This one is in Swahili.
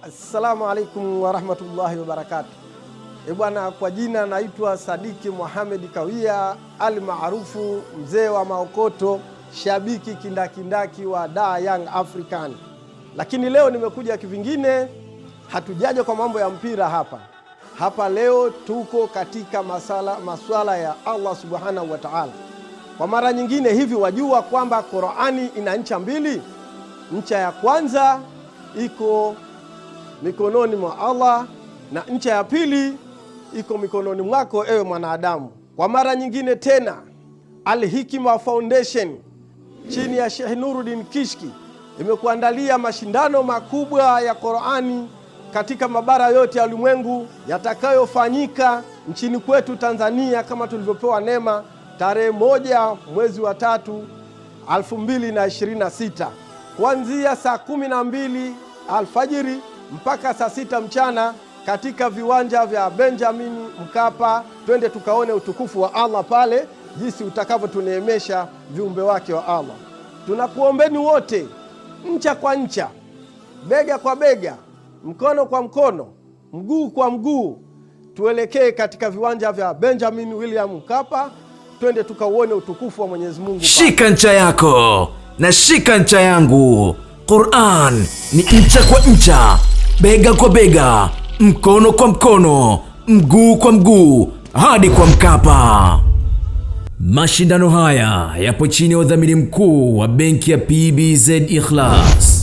Assalamu alaikum warahmatullahi wabarakatu. E bwana, kwa jina naitwa Sadiki Muhamedi Kawia ali maarufu mzee wa maokoto, shabiki kindakindaki wa Da Young African, lakini leo nimekuja kivingine. Hatujaja kwa mambo ya mpira hapa hapa. Leo tuko katika masala, maswala ya Allah subhanahu wa taala. Kwa mara nyingine hivi, wajua kwamba Qurani ina ncha mbili. Ncha ya kwanza iko mikononi mwa Allah na ncha ya pili iko mikononi mwako, ewe mwanadamu. Kwa mara nyingine tena, al Foundation chini ya Sheikh Nuruddin Kishki imekuandalia mashindano makubwa ya Qur'ani katika mabara yote ya ulimwengu yatakayofanyika nchini kwetu Tanzania kama tulivyopewa neema tarehe moja mwezi wa tatu 2026 kuanzia saa 12 alfajiri mpaka saa sita mchana katika viwanja vya Benjamin Mkapa. Twende tukaone utukufu wa Allah pale, jinsi utakavyotuneemesha viumbe wake wa Allah. Tunakuombeni wote, ncha kwa ncha, bega kwa bega, mkono kwa mkono, mguu kwa mguu, tuelekee katika viwanja vya Benjamin William Mkapa, twende tukauone utukufu wa Mwenyezi Mungu. Shika ncha yako na shika ncha yangu. Qur'an ni ncha kwa ncha bega kwa bega, mkono kwa mkono, mguu kwa mguu hadi kwa Mkapa. Mashindano haya yapo chini ya udhamini mkuu wa benki ya PBZ Ikhlas.